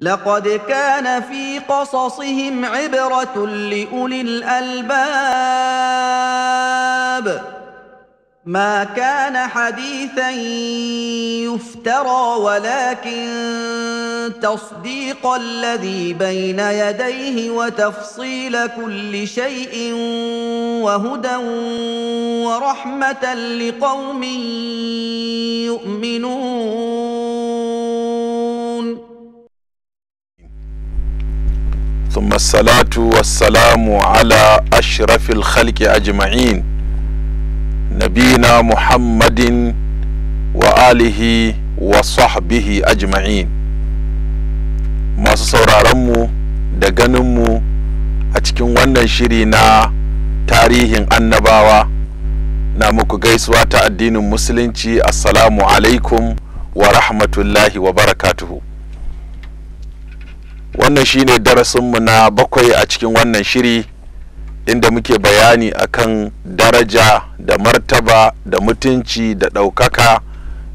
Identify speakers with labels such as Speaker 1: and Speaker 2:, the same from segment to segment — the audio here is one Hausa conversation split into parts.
Speaker 1: لقد كان في قصصهم عبره لاولي الالباب ما كان حديثا يفترى ولكن تصديق الذي بين يديه وتفصيل كل شيء وهدى ورحمه لقوم يؤمنون wasalamu ala والسلام على أشرف nabina muhammadin wa alihi wa وصحبه أجمعين masu sauraronmu da ganinmu a cikin wannan shiri na tarihin annabawa na muku gaisuwa ta addinin musulunci assalamu alaikum wa rahmatullahi wa barakatuhu wannan shine darasinmu na bakwai a cikin wannan shiri inda muke bayani akan daraja da martaba da mutunci da ɗaukaka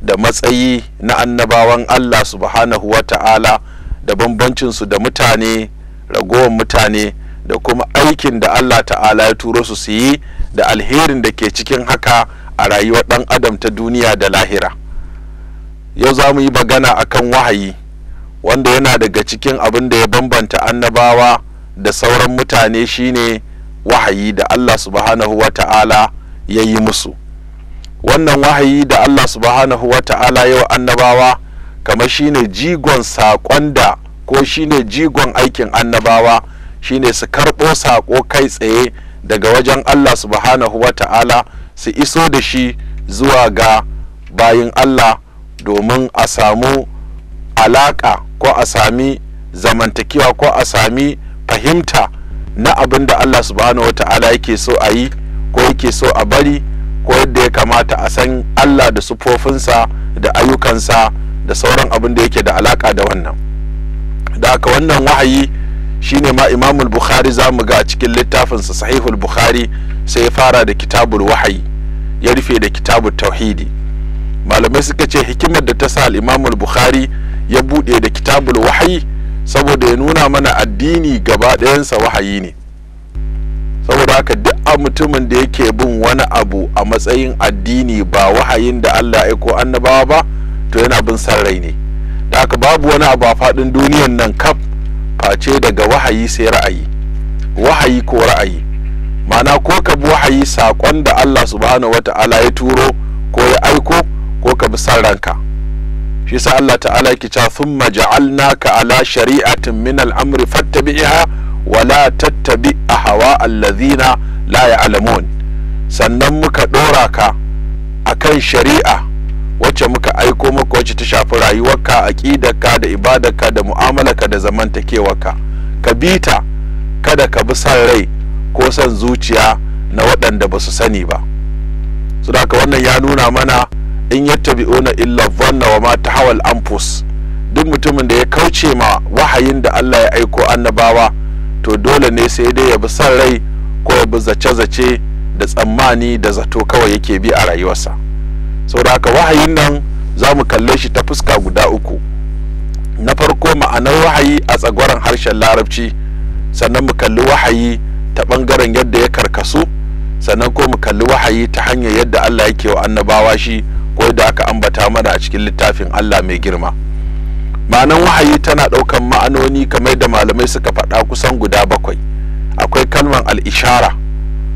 Speaker 1: da matsayi na annabawan allah subhanahu wa ta'ala da bambancinsu da mutane ragowar mutane da kuma aikin da allah ta'ala ya turo su su yi da alherin da ke cikin haka a rayuwar ɗan adam ta duniya da lahira yau za mu yi magana akan wahayi wanda yana daga cikin abin da ya bambanta annabawa da sauran mutane shine wahayi da Allah subhanahu wa ta'ala ya yi musu wannan wahayi da Allah subhanahu wa ta'ala ya wa annabawa kamar shine jigon saƙon da ko shine jigon aikin annabawa shine su karɓo saƙo kai tsaye daga wajen Allah subhanahu wa ta'ala su iso da shi zuwa ga bayin Allah domin a samu alaƙa ko a sami zamantakewa ko a sami fahimta na abin da Allah subhanahu wata'ala yake so a yi ko yake so a bari ko yadda ya kamata a san Allah da sufofinsa da ayyukansa da sauran abin da yake da alaka da wannan da haka wannan wahayi shine ma imamul bukhari za mu ga cikin littafinsa sahihul bukhari sai ya fara da kitabul wahayi ya rufe da kitabul tauhidi malamai suka ce hikimar da ta sa al-imamul bukhari ya buɗe da kitabul wahayi saboda ya nuna mana addini gaba ɗayansa wahayi ne saboda haka duk a mutumin da yake bin wani abu a matsayin addini ba wahayin da Allah ya aiko annabawa ba to yana bin san ne da haka babu wani abu a faɗin duniyan nan kaf face daga wahayi sai ra'ayi wahayi ko ra'ayi ma'ana ko ka bi wahayi saƙon da Allah subhanahu wata'ala ya turo ko ya aiko ko ka bi san ranka shi sa Allah ta'ala yake cewa thumma ja'alnaka ala shari'atin min al-amri fattabi'ha wa la tattabi ahwa alladhina la ya'lamun sannan muka dora ka akan shari'a wacce muka aiko maka wacce ta shafi rayuwarka aqidarka da ibadarka da mu'amalarka da zamantakewarka ka bita kada ka bi san rai ko san zuciya na waɗanda ba su sani ba su da wannan ya nuna mana in yattabi'una illa dhanna wa ma tahawal anfus duk mutumin da ya kauce ma wahayin da Allah ya aiko annabawa to dole ne sai dai ya bi san rai ko ya bi zace-zace da tsammani da zato kawai yake bi a rayuwarsa saboda wahayin nan za mu kalle shi ta fuska guda uku na farko ma'anar wahayi a tsagwaron harshen larabci sannan mu kalli wahayi ta ɓangaren yadda ya karkasu sannan ko mu kalli wahayi ta hanyar yadda allah yake wa annabawa shi wadda aka ambata mana a cikin littafin Allah mai girma ma'anan wahayi tana ɗaukan ma'anoni kamar da malamai suka faɗa kusan guda bakwai akwai kalman al'ishara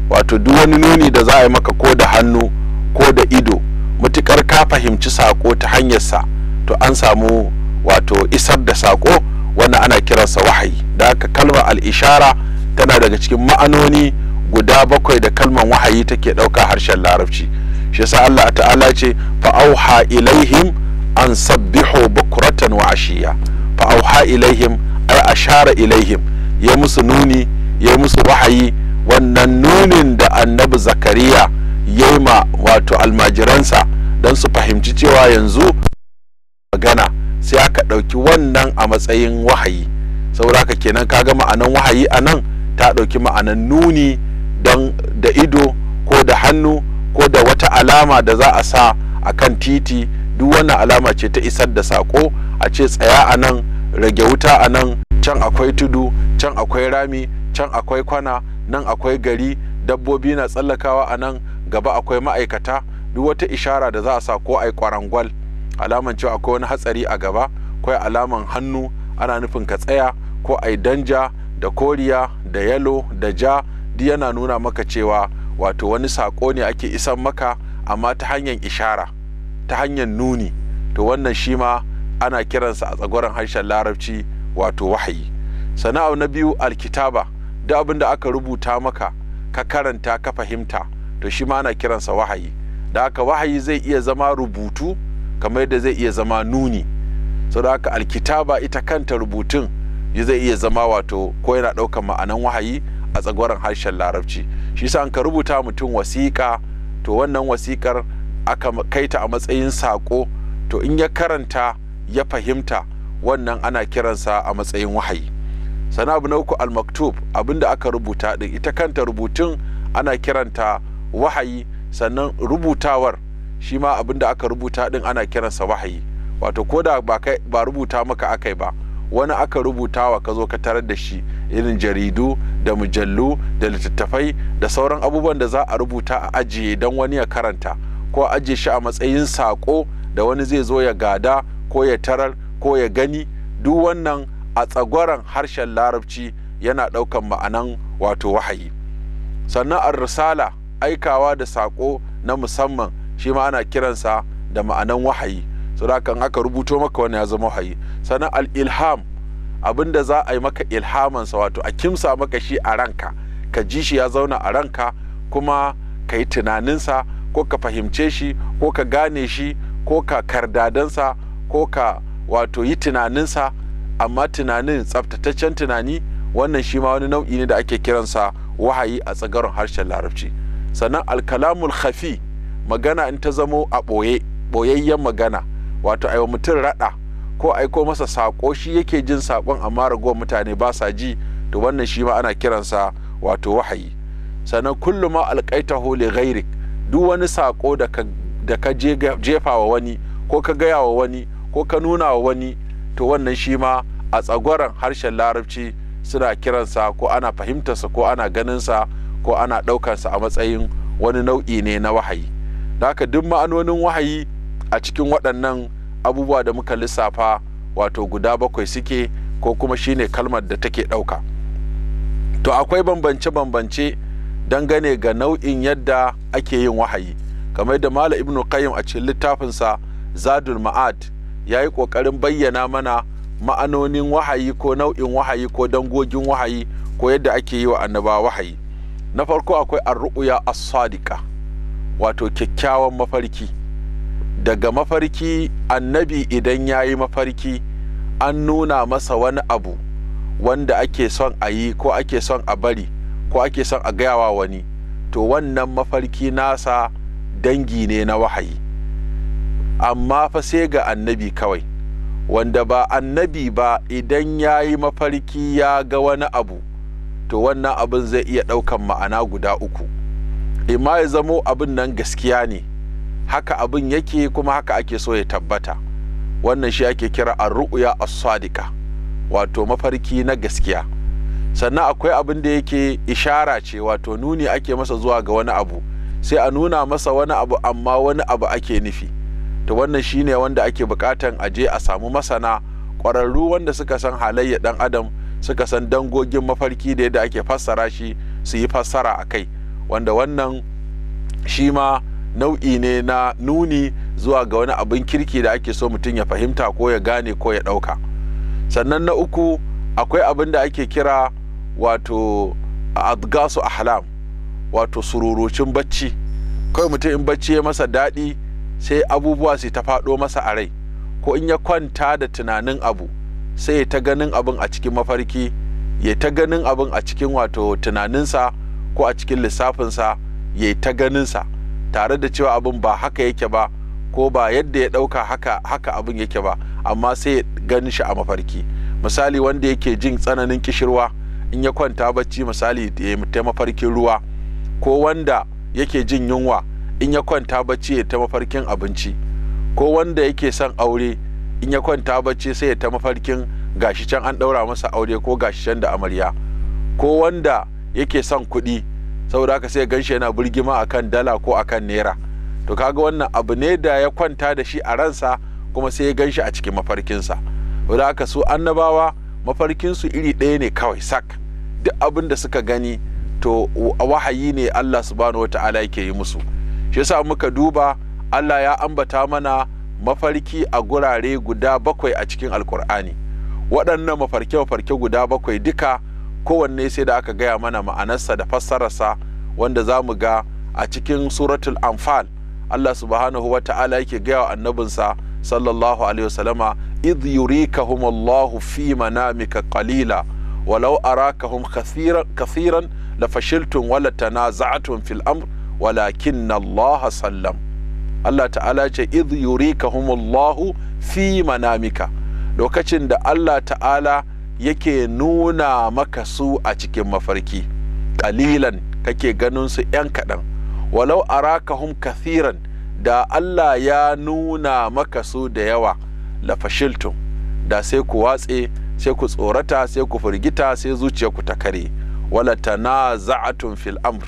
Speaker 1: wato duk wani nuni da za a yi maka ko da hannu ko da ido mutukar ka fahimci sako ta hanyarsa to an samu wato isar da sako wanda ana kiransa wahayi da haka kalmar al'ishara tana daga cikin ma'anoni guda bakwai da kalman wahayi take ɗauka harshen larabci shi yasa Allah ta'ala ce fa auha ilaihim an sabbihu bukratan wa ashiya fa auha ilaihim ay ashara ilaihim ya musu nuni ya musu wahayi wannan nunin da annabi zakariya yayi ma wato almajiransa don su fahimci cewa yanzu magana sai aka ɗauki wannan a matsayin wahayi saboda ka kenan ka ga ma'anan wahayi a nan ta ɗauki ma'anan nuni don da ido ko da hannu ko da wata alama da za a sa a kan titi duk wannan alama ce ta isar da sako a ce tsaya a nan rage wuta a nan can akwai tudu can akwai rami can akwai kwana nan akwai gari dabbobi na tsallakawa a nan gaba akwai ma'aikata duk wata ishara da za a sa ko ai kwarangwal alaman cewa akwai wani hatsari a gaba ko alaman hannu ana nufin ka tsaya ko ai danja da koriya da yalo da ja duk yana nuna maka cewa wato wani saƙo ne ake isan maka amma ta hanyar ishara ta hanyar nuni to wannan shi ma ana kiransa a tsagoran harshen larabci wato wahayi sana'a na biyu alkitaba da abin da aka rubuta maka ka karanta ka fahimta to shi ma ana kiransa wahayi da haka wahayi zai iya zama rubutu kamar yadda zai iya zama nuni sau da haka alkitaba ita kanta rubutun zai iya zama wato ko yana ɗaukar ma'anan wahayi a tsagwaron harshen larabci shi yasa an ka rubuta mutum wasiƙa to wannan wasiƙar aka kaita a matsayin sako to in ya karanta ya fahimta wannan ana kiransa a matsayin wahayi sana abu na uku almaktub abinda aka rubuta din ita kanta rubutun ana kiranta wahayi sannan rubutawar shi ma abinda aka rubuta din ana kiransa wahayi wato ko da ba rubuta maka akai ba wani aka rubuta wa ka zo ka tarar da shi irin jaridu da mujallu da littattafai da sauran abubuwan da za a rubuta a ajiye don wani ya karanta ko ajiye shi a matsayin saƙo da wani zai zo ya gada ko ya tarar ko ya gani duk wannan a tsagwaron harshen larabci yana ɗaukan ma'anan wato wahayi sannan a risala aikawa da sako na musamman shi ma ana kiransa da ma'anan wahayi saboda aka rubuto maka wani ya zama wahayi sannan al-ilham abinda za a yi maka ilhamansa wato a kimsa maka shi a ranka ka ji shi ya zauna a ranka kuma ka yi tunaninsa ko ka fahimce shi ko ka gane shi ko ka kardadansa ko ka wato yi tunaninsa amma tunanin tsaftataccen tunani wannan shi ma wani nau'i ne da ake kiransa wahayi a tsagaron harshen larabci sannan alkalamul khafi magana in ta zamo a boyayyen ɓoyayyen magana wato aiwa mutum raɗa ko aiko masa sako shi yake jin sakon amma ragowar mutane ba sa ji to wannan shi ma ana kiransa wato wahayi sannan kullum ma alƙaitahu li ghairik duk wani sako da ka jefa wa wani ko ka gaya wa wani ko ka nuna wa wani to wannan shi ma a tsagoran harshen larabci suna kiransa ko ana fahimtarsa ko ana ganinsa ko ana ɗaukarsa a matsayin wani nau'i ne na wahayi da haka duk ma'anonin wahayi a cikin waɗannan abubuwa da muka lissafa wato guda bakwai suke ko kuma shine kalmar da take ɗauka to akwai bambance-bambance dangane ga nau'in yadda ake yin wahayi kamar yadda mala ibnu qayyim a cikin littafinsa zadul ma'ad ya yi ƙoƙarin bayyana mana ma'anonin wahayi ko nau'in wahayi ko dangogin wahayi ko yadda ake yi wa annaba wahayi na farko akwai arru'uya as-sadiqa wato kyakkyawan mafarki daga mafarki annabi idan ya yi mafarki an nuna masa wani abu wanda ake son a yi ko ake son a bari ko ake son a gayawa wani to wannan mafarki nasa dangi ne na wahayi amma fa sai ga annabi kawai wanda ba annabi ba idan ya yi mafarki ya ga wani abu to wannan abin zai iya ɗaukan ma'ana guda uku imma ya zamo abin nan gaskiya ne haka abin yake kuma haka ake so ya tabbata wannan shi ake kira arru'ya as-sadiqa wato mafarki na gaskiya sannan akwai abin da yake ishara ce wato nuni ake masa zuwa ga wani abu sai a nuna masa wani abu amma wani abu ake nufi to wannan shine wanda ake bukatan a je a samu masana ƙwararru wanda suka san halayya ɗan adam suka san dangogin mafarki da yadda ake fassara shi su yi fassara a kai wanda wannan shi ma nau'i ne na nuni zuwa ga wani abin kirki da ake so mutum ya fahimta ko ya gane ko ya ɗauka sannan na uku akwai abin da ake kira wato a ahlam wato sururucin bacci kawai mutum in bacci ya masa daɗi sai abubuwa su ta faɗo masa a rai ko in ya kwanta da tunanin abu sai ya ta ganin abin a cikin mafarki ya ta ganin abin a cikin wato tunaninsa ko a cikin lissafinsa ya ta ganinsa tare da cewa abin ba haka yake ba ko ba yadda ya ɗauka haka haka abin yake ba amma sai ya gani shi a mafarki misali wanda yake jin tsananin kishirwa in ya kwanta bacci misali ya ta mafarkin ruwa ko wanda yake jin yunwa in ya kwanta bacci ya ta mafarkin abinci ko wanda yake son aure in ya kwanta bacci sai ya ta mafarkin gashi can an ɗaura masa aure ko gashi can da amarya ko wanda yake son kuɗi saboda haka sai ganshi yana burgima akan dala ko akan naira to kaga wannan abu ne da ya kwanta da shi a ransa kuma sai ya ganshi a cikin mafarkinsa saboda haka su annabawa mafarkinsu iri ɗaya ne kawai sak duk abin da suka gani to wahayi ne Allah subhanahu ta'ala yake yi musu shi yasa muka duba Allah ya ambata mana mafarki a gurare guda bakwai a cikin alkur'ani waɗannan mafarke mafarke guda bakwai duka kowanne sai da aka gaya mana ma'anarsa da fassararsa wanda za mu ga a cikin suratul anfal Allah subhanahu wa ta'ala yake gaya wa annabinsa sallallahu alaihi wasallama id yurikahum Allah fi manamika qalila walau arakahum kathiran kathiran wa wala tanaza'tum fil amr walakinna Allah sallam Allah ta'ala ce id yurikahum Allah fi manamika lokacin da Allah ta'ala yake nuna maka su a cikin mafarki ƙalilan kake ganin su 'yan kaɗan walau arakahum kathiran da Allah ya nuna maka su da yawa lafashiltum da sai ku watse sai ku tsorata sai ku firgita sai ku ta kare wala tanaza'atun fil amr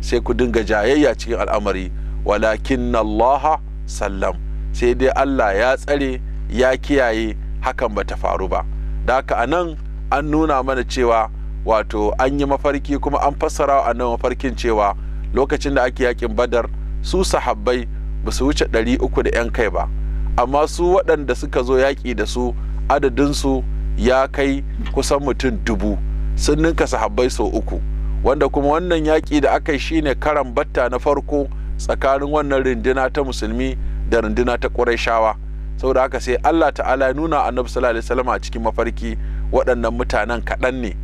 Speaker 1: sai ku dinga jayayya cikin al'amari walakin Allah sallam sai dai Allah ya tsare ya kiyaye hakan bata faru ba daka a nan an nuna mana cewa wato an yi mafarki kuma an fassara a nan mafarkin cewa lokacin da ake yakin badar su sahabbai ba su wuce ɗari uku da 'yan kai ba amma su waɗanda suka zo yaƙi da su adadinsu ya kai kusan mutum dubu sun ninka sahabbai sau uku wanda kuma wannan yaƙi da aka yi shine karan batta na farko tsakanin wannan rinduna ta musulmi da rinduna ta shawa. saboda haka sai Allah ta'ala ya nuna annabi sallallahu alaihi a cikin mafarki waɗannan mutanen kaɗan ne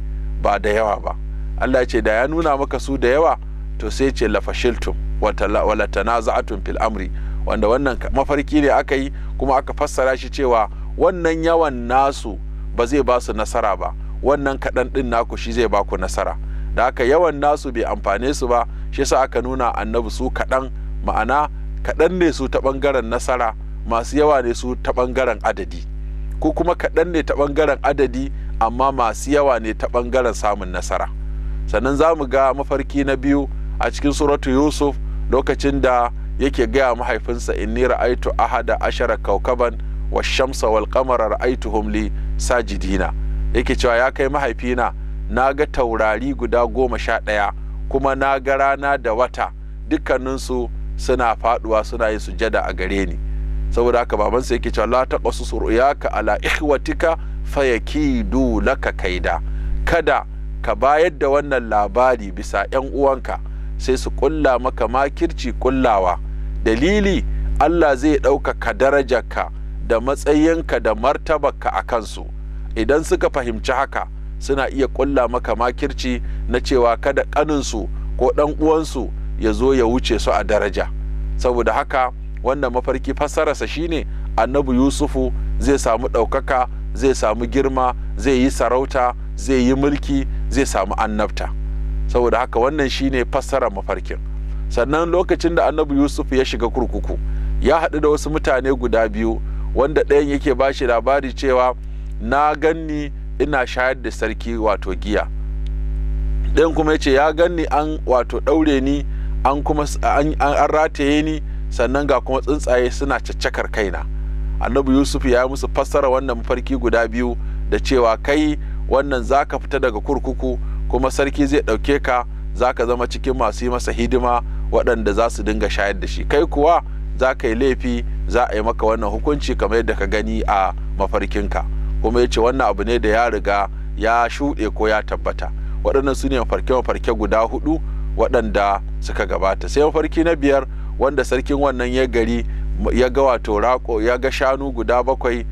Speaker 1: ba da yawa ba Allah ya ce da ya nuna maka su da yawa to sai ce lafashiltum wala tanaza'atun fil amri wanda wannan mafarki ne aka yi kuma aka fassara shi cewa wannan yawan nasu ba zai ba su nasara ba wannan kaɗan ɗin naku shi zai ba ku nasara da haka yawan nasu bai amfane su ba shi yasa aka nuna annabi su kaɗan ma'ana kaɗan ne su ta ɓangaren nasara masu yawa ne su ta ɓangaren adadi ko kuma kaɗan ne ta ɓangaren adadi amma masu yawa ne ta ɓangaren samun nasara sannan za mu ga mafarki na biyu a cikin suratu yusuf lokacin da yake gaya mahaifinsa in inni ra'aitu ahada ashara kaukaban wa shamsa wal qamara ra'aitu li sajidina yake cewa ya kai mahaifina na ga taurari guda goma sha ɗaya kuma na ga rana da wata dukkaninsu suna faduwa suna yi sujada a gare ni saboda haka babansa yake cewa la taqasus ru'yaka ala ikhwatika fayakidu laka kaida kada ka bayar da wannan labari bisa yan uwanka sai su kulla maka makirci kullawa dalili Allah zai ɗaukaka darajarka da matsayinka da martabarka a kansu idan suka fahimci haka suna iya kulla maka makirci na cewa kada ƙaninsu ko ɗan uwansu ya zo ya wuce su a daraja saboda haka wannan mafarki fassararsa shine annabi yusufu zai samu ɗaukaka zai samu girma zai yi sarauta zai yi mulki zai samu annabta saboda haka wannan shine fassarar mafarkin sannan lokacin da annabi yusuf ya shiga kurkuku ya haɗu da wasu mutane guda biyu wanda ɗayan yake ba shi labari cewa na ganni ina shayar da sarki wato giya ɗayan kuma ya ce ya ganni an wato ɗaure ni an rataye ni sannan ga kuma tsuntsaye suna caccakar kaina annabi yusuf ya musu fassara wannan mafarki guda biyu da cewa kai wannan za ka fita daga kurkuku kuma sarki zai ɗauke ka za ka zama cikin masu yi masa hidima waɗanda za su dinga shayar da shi kai kuwa za ka yi laifi za a yi maka wannan hukunci kamar yadda ka gani a mafarkinka kuma ya ce wannan abu ne da ya riga ya shuɗe ko ya tabbata waɗannan su ne mafarke-mafarke guda hudu waɗanda suka gabata sai mafarki na biyar wanda sarkin wannan ya gari ya ga wato rako ya ga shanu guda bakwai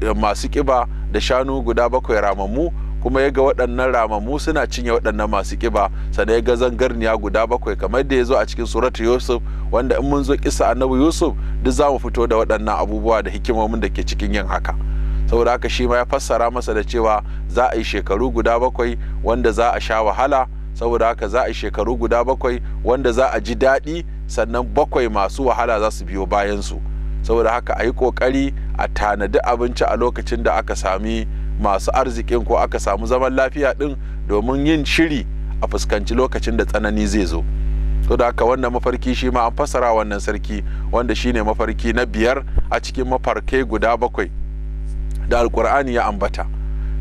Speaker 1: eh, masu kiba da shanu guda bakwai ramammu kuma ya ga waɗannan ramamu suna cinye waɗannan masu kiba sannan ya ga zangarniya guda bakwai kamar da ya zo a cikin suratu yusuf wanda in mun zo kisa annabi yusuf duk za mu fito da waɗannan abubuwa da hikimomin da ke cikin yin haka saboda haka shi ma ya fassara masa da cewa za a yi shekaru guda bakwai wanda za a sha wahala saboda haka za a yi shekaru guda bakwai wanda za a ji daɗi sannan bakwai masu wahala za su biyo bayansu saboda haka a yi ƙoƙari a tanadi abinci a lokacin da aka sami masu arzikin ko aka samu zaman lafiya din domin yin shiri a fuskanci lokacin da tsanani zai zo to da haka wannan mafarki shi ma an fassara wannan sarki wanda shine mafarki na biyar a cikin mafarkai guda bakwai da alkur'ani ya ambata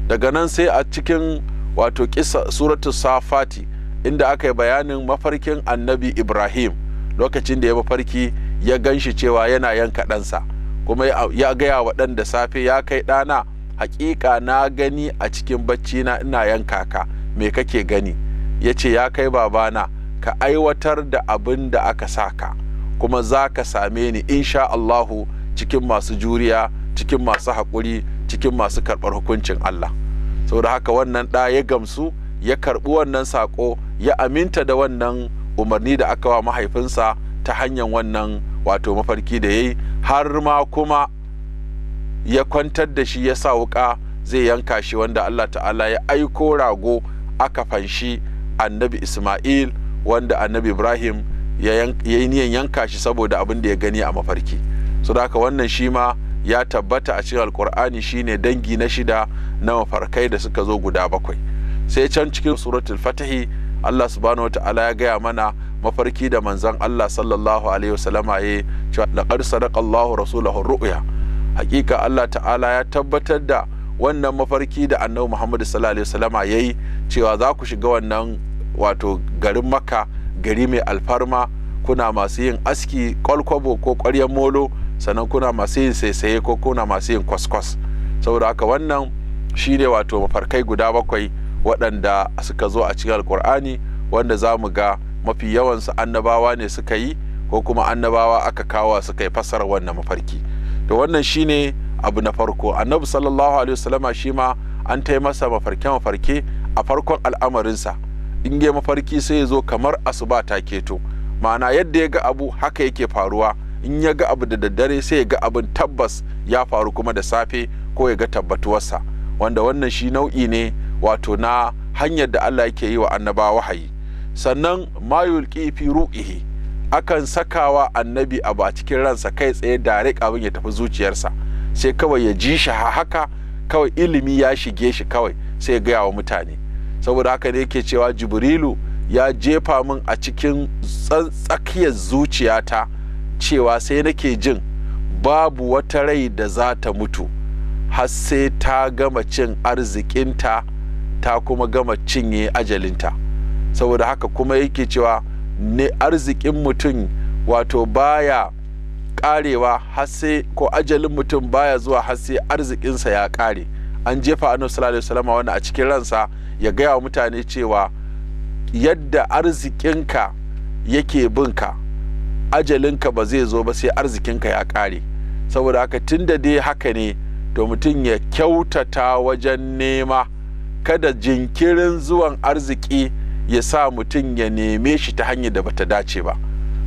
Speaker 1: daga nan sai a cikin wato kisa suratu safati inda aka yi bayanin mafarkin annabi ibrahim lokacin da ya mafarki ya gan shi cewa yana yanka ɗansa kuma ya gaya wa ɗan da safe ya kai ɗana hakika na gani a cikin bacci na ina yanka ka me kake gani ya ce ya kai babana ka aiwatar da abin da aka sa ka kuma za ka same ni insha Allahu cikin masu juriya cikin masu haƙuri cikin masu karɓar hukuncin Allah saboda haka wannan ɗa ya gamsu ya karɓi wannan saƙo ya aminta da wannan umarni da aka wa mahaifinsa ta hanyar wannan wato mafarki da ya yi har ma kuma ya kwantar da shi ya sa wuka zai yanka shi wanda Allah ta'ala ya aiko rago aka fanshi annabi Ismail wanda annabi Ibrahim ya yi niyan yanka shi saboda abin da ya gani a mafarki so da haka wannan shi ma ya tabbata a cikin alkur'ani shine dangi na shida na mafarkai da suka zo guda bakwai sai can cikin suratul fatahi Allah subhanahu wata'ala ya gaya mana mafarki da manzan Allah sallallahu alaihi wasallama ya cewa laqad sadaqallahu rasulahu ru'ya hakika Allah ta'ala ya tabbatar da wannan mafarki da annabi Muhammad sallallahu alaihi wasallama yayi cewa za ku shiga wannan wato garin Makka gari mai alfarma kuna masu yin aski kwalkwabo ko kwaryar molo sannan kuna masu yin saisaye ko kuna masu yin kwaskwas saboda haka wannan shine wato mafarkai guda bakwai waɗanda suka zo a cikin alkur'ani wanda za mu ga mafi yawansu annabawa ne suka yi ko kuma annabawa aka kawo suka yi fasara wannan mafarki to wannan shine abu na farko annabi sallallahu alaihi wasallama shi ma an tai masa mafarke mafarke a farkon al'amarinsa in ya mafarki sai ya zo kamar asuba ta keto ma'ana yadda ya ga abu haka yake faruwa in ya ga abu da daddare sai ya ga abin tabbas ya faru kuma da safe ko ya ga tabbatuwarsa wanda wannan shi nau'i ne wato na hanyar da Allah yake yi wa annaba wahayi sannan mayul fi ru'ihi akan sakawa annabi a ba cikin ransa kai tsaye dare abin ya tafi zuciyarsa sai kawai ya ji shi haka kawai ilimi ya shige shi kawai sai ya gaya wa mutane saboda haka ne yake cewa jibrilu ya jefa min a cikin tsakiyar zuciyata cewa sai nake jin babu wata rai da za ta mutu har sai ta gama cin arzikinta ta kuma gama cinye ajalinta saboda haka kuma yake cewa ne arzikin mutum wato baya karewa hasse ko ajalin mutum baya zuwa sai arzikinsa ya kare an jefa annabi sallallahu alaihi wasallam wannan a cikin ransa ya gaya wa mutane cewa yadda arzikinka yake binka ajalinka ba zai zo ba sai arzikinka ya kare saboda haka tunda dai haka ne to mutum ya kyautata wajen nema kada jinkirin zuwan arziki ya sa mutum ya neme shi ta hanyar da bata dace ba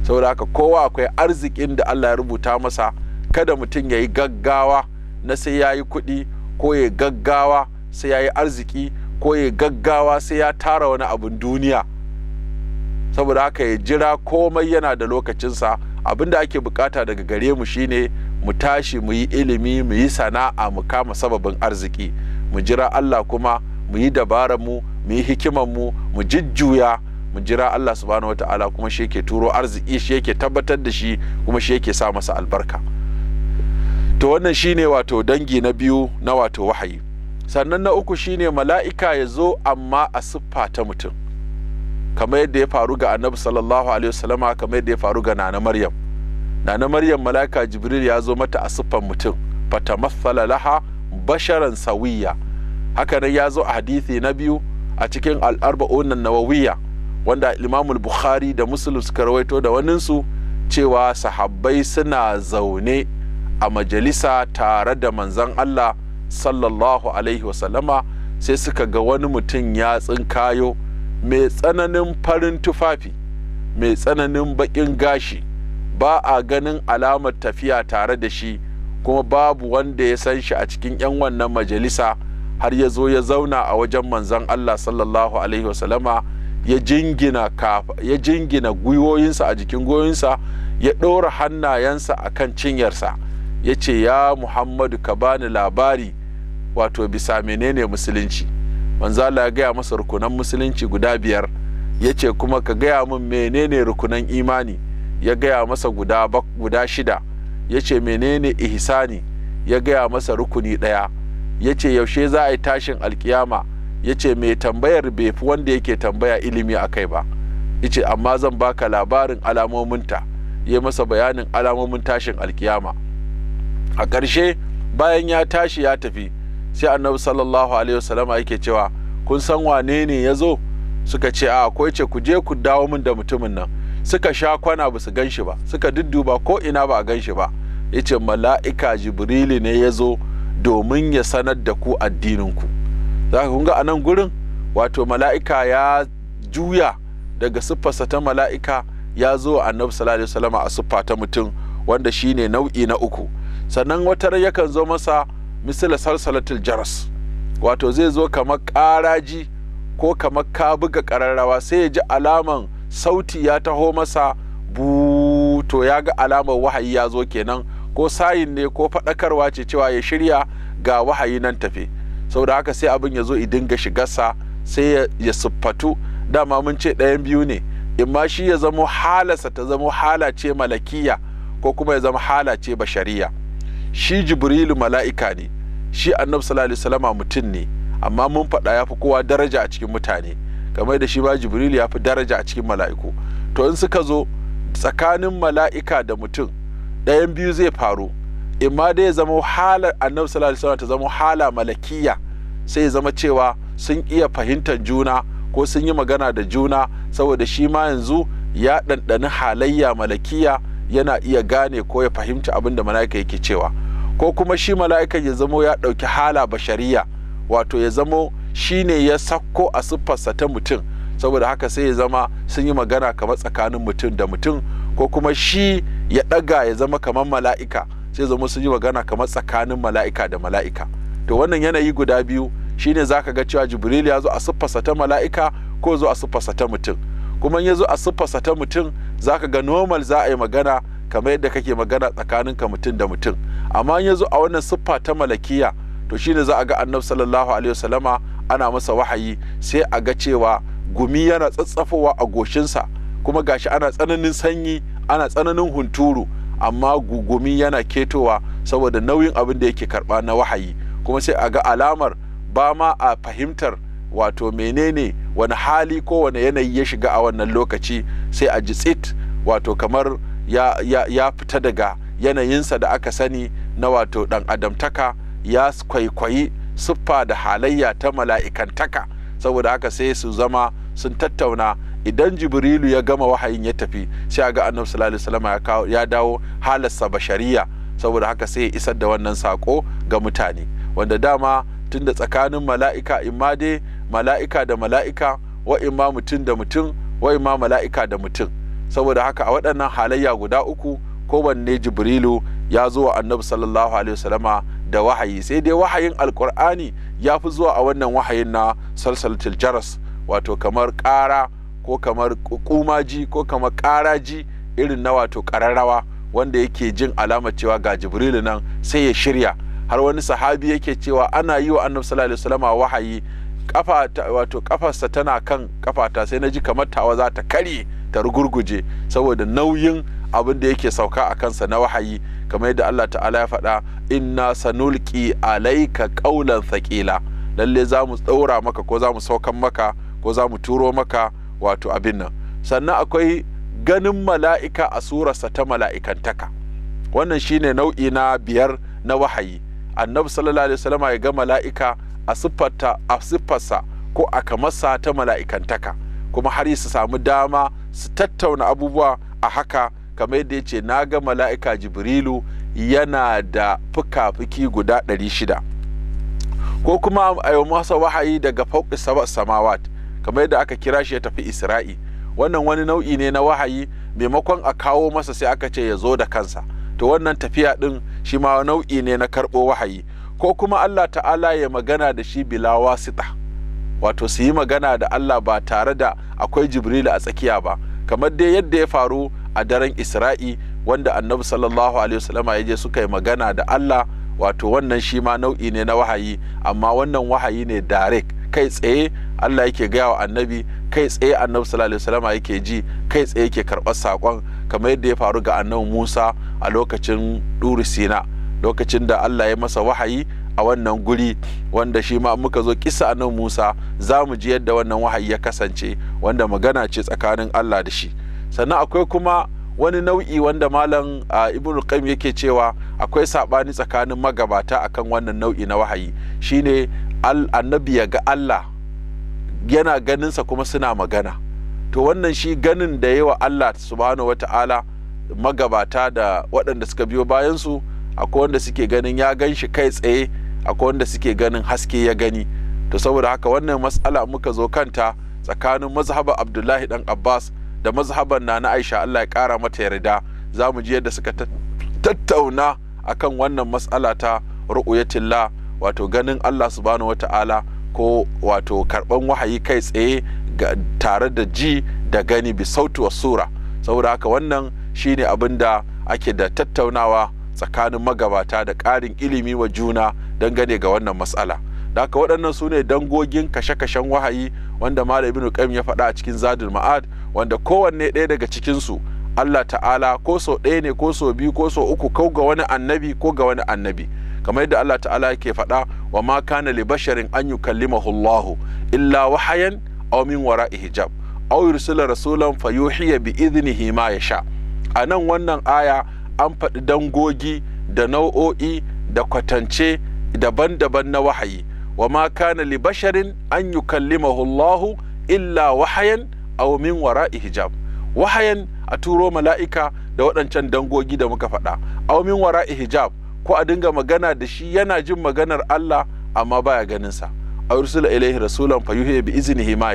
Speaker 1: saboda haka kowa akwai arzikin da Allah ya rubuta masa kada mutum ya yi gaggawa na sai ya yi kuɗi ko ya gaggawa sai ya yi arziki ko ya gaggawa sai ya tara wani abin duniya saboda haka ya jira komai yana da lokacinsa abin da ake bukata daga gare mu shine mu tashi mu yi ilimi mu yi sana'a mu kama sababin arziki mu jira Allah kuma mu yi dabarar mu mu yi hikimar mu mu jijjuya mu jira Allah subhanahu ta'ala kuma shi yake turo arziki shi yake tabbatar da shi kuma shi yake sa masa albarka to wannan shine wato dangi na biyu na wato wahayi sannan na uku shine mala'ika ya zo amma a siffa ta mutum kamar yadda ya faru ga annabi sallallahu alaihi wasallama kamar yadda ya faru ga nana maryam nana maryam mala'ika jibril ya zo mata a siffan mutum fatamathala laha basharan sawiya hakanan ya zo a hadithi na biyu a cikin al'arba'un nawawiya wanda imamul bukhari da muslim suka rawaito da waninsu cewa sahabbai suna zaune a majalisa tare da manzan allah sallallahu alaihi wasallama sai suka ga wani mutum ya tsinkayo mai tsananin farin tufafi mai tsananin baƙin gashi ba a ganin alamar tafiya tare da shi kuma babu wanda ya san shi a cikin 'yan wannan majalisa har ya zo ya zauna a wajen manzan Allah sallallahu alaihi wasallama ya jingina gwiwoyinsa a jikin goyinsa ya ɗora hannayensa a kan cinyarsa ya ce ya muhammadu ka bani labari wato bisa menene musulunci manzala ya gaya masa rukunan musulunci guda biyar ya ce kuma ka gaya min menene rukunan imani ya gaya masa guda, shida ya ce menene ihsani ya gaya masa rukuni ɗaya ya ce yaushe za a yi tashin alkiyama ya ce mai tambayar bai fi wanda yake tambaya ilimi a kai ba ya ce amma zan baka labarin alamominta ya masa bayanin alamomin tashin alkiyama a ƙarshe bayan ya tashi ya tafi sai annabi sallallahu alaihi wasallam yake cewa kun san wane ne ya zo suka ce a ko ce ku je ku dawo min da mutumin nan suka sha kwana ba su gan shi ba suka dudduba ko ina ba a gan shi ba ya ce mala'ika jibrili ne ya zo domin ya sanar da ku addininku za ka kunga a nan gurin wato mala'ika ya juya daga siffarsa ta mala'ika ya zo a annabi sallallahu alaihi a siffa ta mutum wanda shine nau'i na uku sannan wata yakan zo masa misali salsalatul jaras wato zai zo kamar ƙaraji ko kamar ka buga ƙararrawa sai ya ji alaman sauti ya taho masa bu ya ga alamar wahayi ya zo kenan ko sayin ne ko faɗakarwa ce cewa ya shirya ga wahayi nan tafi saboda haka sai abin ya zo i dinga shigarsa sai ya siffatu dama mun ce ɗayan biyu ne in ma shi ya zamo halasa ta zamo hala malakiya ko kuma ya zama hala bashariya shi jibrilu mala'ika ne shi annabi sallallahu alaihi mutum ne amma mun faɗa ya fi kowa daraja a cikin mutane kamar da shi ba jibrilu ya fi daraja a cikin mala'iku to in suka zo tsakanin mala'ika da mutum ɗayan biyu zai faru imma dai ya zama hala annabi sallallahu alaihi ta zama hala malakiya sai ya zama cewa sun iya fahimtar juna ko sun yi magana da juna saboda shi ma yanzu ya ɗanɗani halayya malakiya yana iya gane ko ya fahimci abin da mala'ika yake cewa ko kuma shi mala'ikan ya zamo ya ɗauki hala bashariya wato ya zamo shi ne ya sakko a siffarsa ta mutum saboda haka sai ya zama sun yi magana kamar tsakanin mutum da mutum ko kuma shi ya ɗaga ya zama kamar mala'ika sai zama sun yi magana kamar tsakanin mala'ika da mala'ika to wannan yanayi guda biyu shine za ka ga cewa jibril ya zo a siffasa ta mala'ika ko zo a siffasa ta mutum kuma ya zo a siffasa ta mutum za ka ga normal za a yi magana kamar yadda kake magana tsakanin ka mutum da mutum amma ya zo a wannan siffa ta malakiya to shine za a ga annabi sallallahu alaihi wasallama ana masa wahayi sai a ga cewa gumi yana tsatsafowa a goshinsa kuma gashi ana tsananin sanyi ana tsananin hunturu amma gugumi yana ketowa saboda nauyin abin da yake karba na wahayi kuma sai a ga alamar ba ma a fahimtar wato menene wani hali ko wani yanayi ya shiga a wannan lokaci sai a ji tsit wato kamar ya, fita daga yanayinsa da aka sani na wato dan adamtaka ya kwaikwayi siffa da halayya ta mala'ikantaka saboda haka sai su zama sun tattauna idan jibrilu ya gama wahayin ya tafi sai ga annabi sallallahu alaihi wasallam ya dawo halarsa bashariya saboda haka sai ya isar da wannan sako ga mutane wanda dama tunda tsakanin mala'ika imma dai mala'ika da mala'ika wa imma mutum da mutum wa imma mala'ika da mutum saboda haka a waɗannan halayya guda uku ko wanne jibrilu ya zo wa annabi sallallahu alaihi wasallama da wahayi sai dai wahayin alkur'ani ya fi zuwa a wannan wahayin na salsalatul jaras wato kamar ƙara ko kamar kumaji ko kamar ƙaraji irin na wato ƙararrawa wanda yake jin alama cewa ga jibril nan sai ya shirya har wani sahabi yake cewa ana yi wa annabi sallallahu alaihi wasallama wahayi kafa wato kafarsa tana kan kafata sai na ji kamar tawa za ta karye ta rugurguje saboda nauyin abin da yake sauka a kansa na wahayi kamar yadda Allah ta'ala ya faɗa inna sanulki alaika qaulan thaqila lalle za mu tsaura maka ko za mu saukan maka ko za mu turo maka wato abin nan sannan akwai ganin mala'ika a surarsa ta mala'ikantaka wannan shine nau'i na biyar na wahayi annabi sallallahu alaihi wasallam ya ga mala'ika a siffarta a siffarsa ko a kamarsa ta mala'ikantaka kuma har su samu dama su tattauna abubuwa a haka kamar yadda ya ce na ga mala'ika jibrilu yana da fuka-fuki guda 600 ko kuma a yi masa wahayi daga fauƙi samawat kamar yadda aka kira shi ya tafi isra'i wannan wani nau'i ne na wahayi maimakon a kawo masa sai aka ce ya zo da kansa to wannan tafiya din shi ma nau'i ne na karɓo wahayi ko kuma allah ta'ala ya magana da shi bila wasita wato su yi magana da allah ba tare da akwai jibril a tsakiya ba kamar dai yadda ya faru a daren isra'i wanda annabi sallallahu alaihi wasallama ya je suka yi magana da allah wato wannan shi ma nau'i ne na wahayi amma wannan wahayi ne direct kai tsaye Allah yake gaya wa annabi kai tsaye annabi sallallahu alaihi wasallam yake ji kai tsaye yake karɓar saƙon kamar yadda ya faru ga annabi Musa a lokacin Duri Sina lokacin da Allah ya masa wahayi a wannan guri wanda shi ma muka zo kisa annabi Musa za mu ji yadda wannan wahayi ya kasance wanda magana ce tsakanin Allah da shi sannan akwai kuma wani nau'i wanda malam ibnu qayyim yake cewa akwai sabani tsakanin magabata akan wannan nau'i na wahayi shine annabi ya ga Allah yana ganinsa kuma suna magana to wannan shi ganin da yawa Allah subhanahu wata'ala magabata da waɗanda suka biyo bayansu akwai wanda suke ganin ya gan shi kai tsaye akwai wanda suke ganin haske ya gani to saboda haka wannan matsala muka zo kanta tsakanin mazhaban abdullahi dan abbas da mazhaban na na aisha allah ya kara mata yarda za mu ji yadda suka tattauna akan wannan matsala ta ru'uyatillah wato ganin allah subhanahu wata'ala ko wato karban wahayi kai tsaye tare da ji da gani bi sautu wa sura saboda haka wannan shine abin da ake da tattaunawa tsakanin magabata da ƙarin ilimi wa juna dangane ga wannan matsala da haka waɗannan su ne dangogin kashe-kashen wahayi wanda malam ibn qayyim ya faɗa a cikin zadul ma'ad wanda kowanne ɗaya daga cikin su Allah ta'ala ko so ɗaya ne ko so biyu ko so uku ko ga wani annabi ko ga wani annabi kamar yadda Allah ta'ala yake faɗa wa ma kana li basharin an yukallimahu Allah illa wahayan aw min wara'i hijab aw yursila rasulan fayuhiya bi idnihi ma yasha anan wannan aya an faɗi dangogi da nau'o'i da kwatance daban-daban na wahayi wa ma kana li basharin an yukallimahu Allah illa wahayan aw min wara'i hijab wahayan a turo mala'ika da waɗancan dangogi da muka faɗa aw min wara'i hijab ko a dinga magana da shi yana jin maganar Allah amma baya ganin sa a ursula ilaihi rasulan fa yuhi bi iznihi ma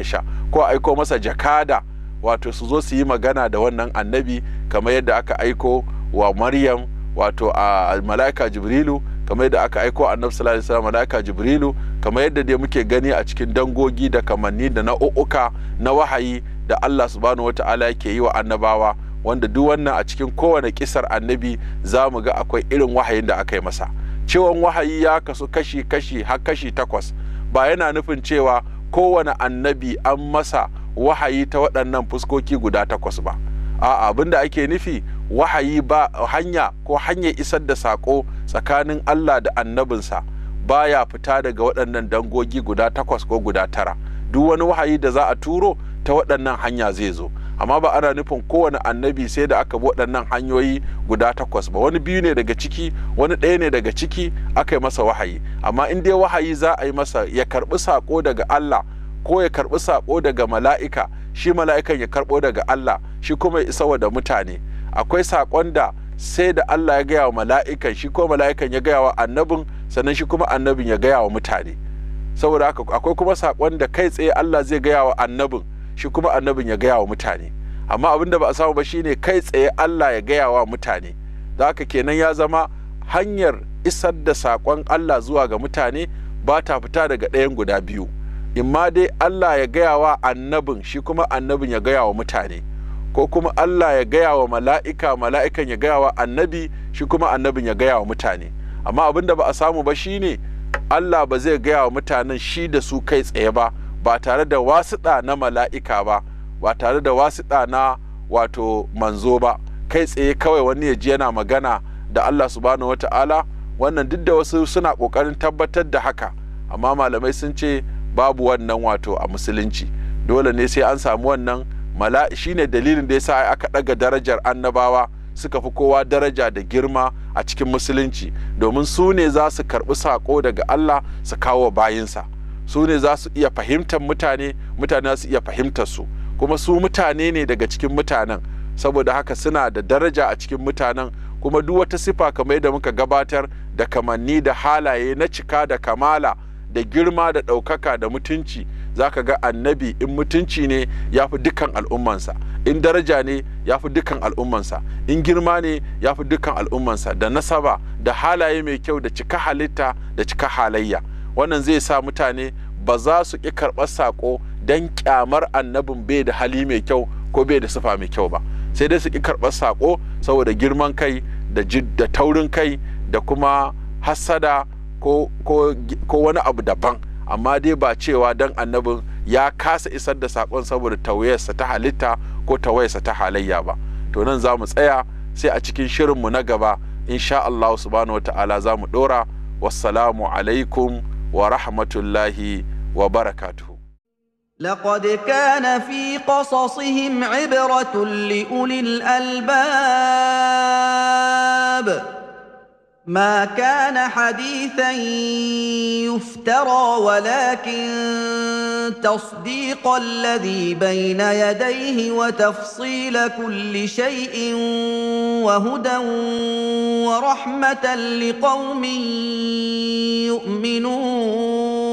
Speaker 1: ko aiko masa jakada wato su zo su yi magana da wannan annabi kamar yadda aka aiko wa maryam wato a mala'ika jibrilu kamar yadda aka aiko annabi sallallahu alaihi wasallam mala'ika jibrilu kamar yadda dai muke gani a cikin dangogi da kamanni da na'u'uka na wahayi da Allah subhanahu wata'ala yake yi wa annabawa wanda duk wannan a cikin kowane kisar annabi za mu ga akwai irin wahayin da aka yi masa cewan wahayi ya kasu kashi kashi har kashi takwas ba yana nufin cewa kowane annabi an masa wahayi ta waɗannan fuskoki guda takwas ba a abin da ake nufi wahayi ba hanya ko hanyar isar da saƙo tsakanin allah da annabinsa baya fita daga waɗannan dangogi guda takwas ko guda tara duk wani wahayi da za a turo ta waɗannan hanya zai zo amma ba ana nufin kowane annabi sai da aka waɗannan hanyoyi guda takwas ba wani biyu ne daga ciki wani ɗaya ne daga ciki aka yi masa wahayi amma in dai wahayi za a yi masa ya karɓi saƙo daga Allah ko ya karɓi saƙo daga mala'ika shi mala'ikan ya karɓo daga Allah shi kuma ya isa wa da mutane akwai saƙon da sai da Allah ya gaya wa mala'ikan shi ko mala'ikan ya gaya wa annabin sannan shi kuma annabin ya gaya wa mutane saboda haka akwai kuma saƙon da kai tsaye Allah zai gaya wa annabin shi kuma annabin ya gaya wa mutane amma abin ba a samu ba shine kai tsaye Allah ya gaya wa mutane da haka kenan ya zama hanyar isar da saƙon Allah zuwa ga mutane ba ta fita daga ɗayan guda biyu imma dai Allah ya gaya wa annabin shi kuma annabin ya gaya wa mutane ko kuma Allah ya gaya wa mala'ika mala'ikan ya gaya wa annabi shi kuma annabin ya gaya wa mutane amma abin ba a samu ba shine Allah ba zai gaya wa mutanen shi da su kai tsaye ba ba tare da wasuɗa na mala'ika ba ba tare da wasuɗa na wato manzo ba kai tsaye kawai wani ya ji yana magana da Allah subhanahu wata'ala wannan duk da wasu suna ƙoƙarin tabbatar da haka amma malamai sun ce babu wannan wato a musulunci dole ne sai an samu wannan mala'i shine dalilin da yasa aka ɗaga darajar annabawa suka fi kowa daraja da girma a cikin musulunci domin su ne za su karɓi sako daga Allah su kawo bayinsa. su ne za su iya fahimtar mutane mutane za su iya fahimtar su kuma su mutane ne daga cikin mutanen saboda haka suna da daraja a cikin mutanen kuma duk wata sifa kamar yadda muka gabatar da kamanni da halaye na cika da kamala da girma da ɗaukaka da mutunci za ka ga annabi in mutunci ne ya fi dukkan al'ummansa in daraja ne ya fi dukkan al'ummansa in girma ne ya fi dukkan al'ummansa da nasaba da halaye mai kyau da cika halitta da cika halayya wannan zai sa mutane ba za su ƙi karɓar saƙo don ƙyamar annabin bai da hali mai kyau ko bai da sufa mai kyau ba sai dai su ƙi karɓar saƙo saboda girman kai da taurin kai da kuma hassada ko, wani abu daban amma dai ba cewa don annabin ya kasa isar da saƙon saboda tawayarsa ta halitta ko tawayarsa ta halayya ba to nan za mu tsaya sai a cikin shirinmu na gaba insha Allah subhanahu wa ta'ala za mu ɗora wassalamu alaikum ورحمة الله وبركاته لقد كان في قصصهم عبرة لأولي الألباب ما كان حديثا يفترى ولكن تصديق الذي بين يديه وتفصيل كل شيء وهدى ورحمه لقوم يؤمنون